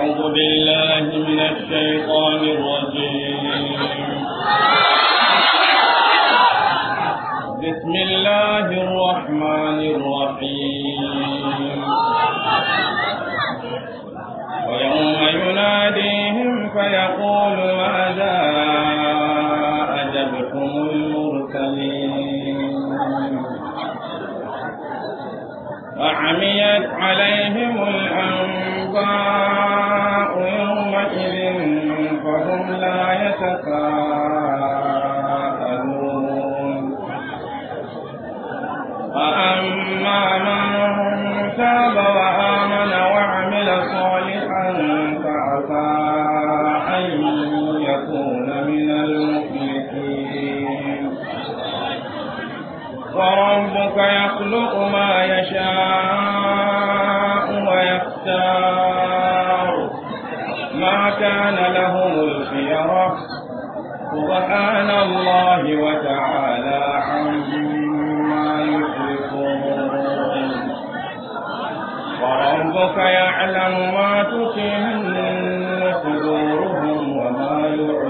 أعوذ بالله من الشيطان الرجيم بسم الله الرحمن الرحيم ويوم يناديهم فيقول ماذا أجبتم المرسلين فعميت عليهم الأنبار وهم لا يتساءلون وأما من تاب وآمن وعمل صالحا فعسى أن يكون من المفلحين وربك يخلق ما يشاء ما كان لهم الخيرة سبحان الله وتعالى عما يشركون وربك يعلم ما تكن